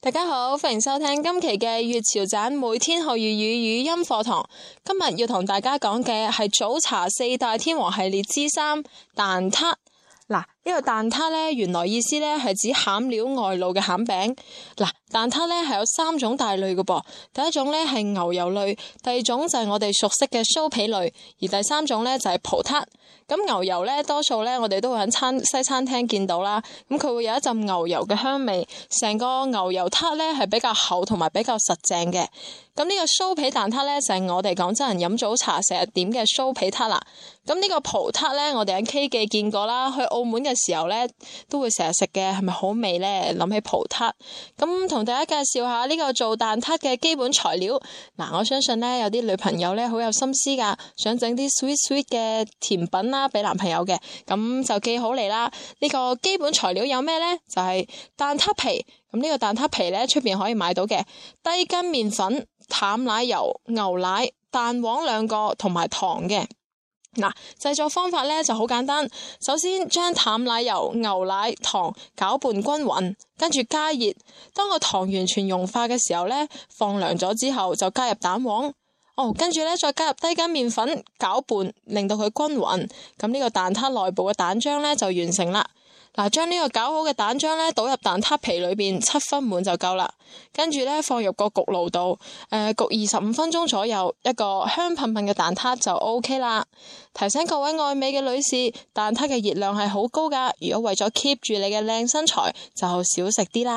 大家好，歡迎收聽今期嘅粵潮盞每天學粵語語，語音課堂。今日要同大家講嘅係早茶四大天王系列之三蛋撻。嗱，呢個蛋撻呢，原來意思呢係指餡料外露嘅餡餅。嗱，蛋撻呢係有三種大類嘅噃，第一種呢係牛油類，第二種就係我哋熟悉嘅酥皮類，而第三種呢就係葡撻。咁牛油呢，多數呢我哋都會喺餐西餐廳見到啦。咁佢會有一陣牛油嘅香味，成個牛油撻呢係比較厚同埋比較實淨嘅。咁、這、呢個酥皮蛋撻呢，就係我哋廣州人飲早茶成日點嘅酥皮撻啦。咁、這、呢個葡撻呢，我哋喺 K 記見過啦，澳門嘅時候呢，都會成日食嘅，係咪好味呢？諗起葡撻，咁同大家介紹下呢個做蛋撻嘅基本材料。嗱，我相信呢，有啲女朋友呢，好有心思噶，想整啲 sweet sweet 嘅甜品啦，俾男朋友嘅，咁就記好嚟啦。呢個基本材料有咩呢？就係蛋撻皮，咁呢個蛋撻皮呢，出邊可以買到嘅低筋麵粉、淡奶油、牛奶、蛋黃兩個同埋糖嘅。嗱，製作方法咧就好簡單，首先將淡奶油、牛奶、糖攪拌均勻，跟住加熱。當個糖完全融化嘅時候咧，放涼咗之後就加入蛋黃。哦，跟住咧再加入低筋麵粉，攪拌令到佢均勻。咁呢個蛋撻內部嘅蛋漿咧就完成啦。嗱，將呢個搞好嘅蛋漿咧倒入蛋撻皮裏邊，七分滿就夠啦。跟住咧放入個焗爐度，誒焗二十五分鐘左右，一個香噴噴嘅蛋撻就 OK 啦。提醒各位愛美嘅女士，蛋撻嘅熱量係好高噶，如果為咗 keep 住你嘅靚身材，就少食啲啦。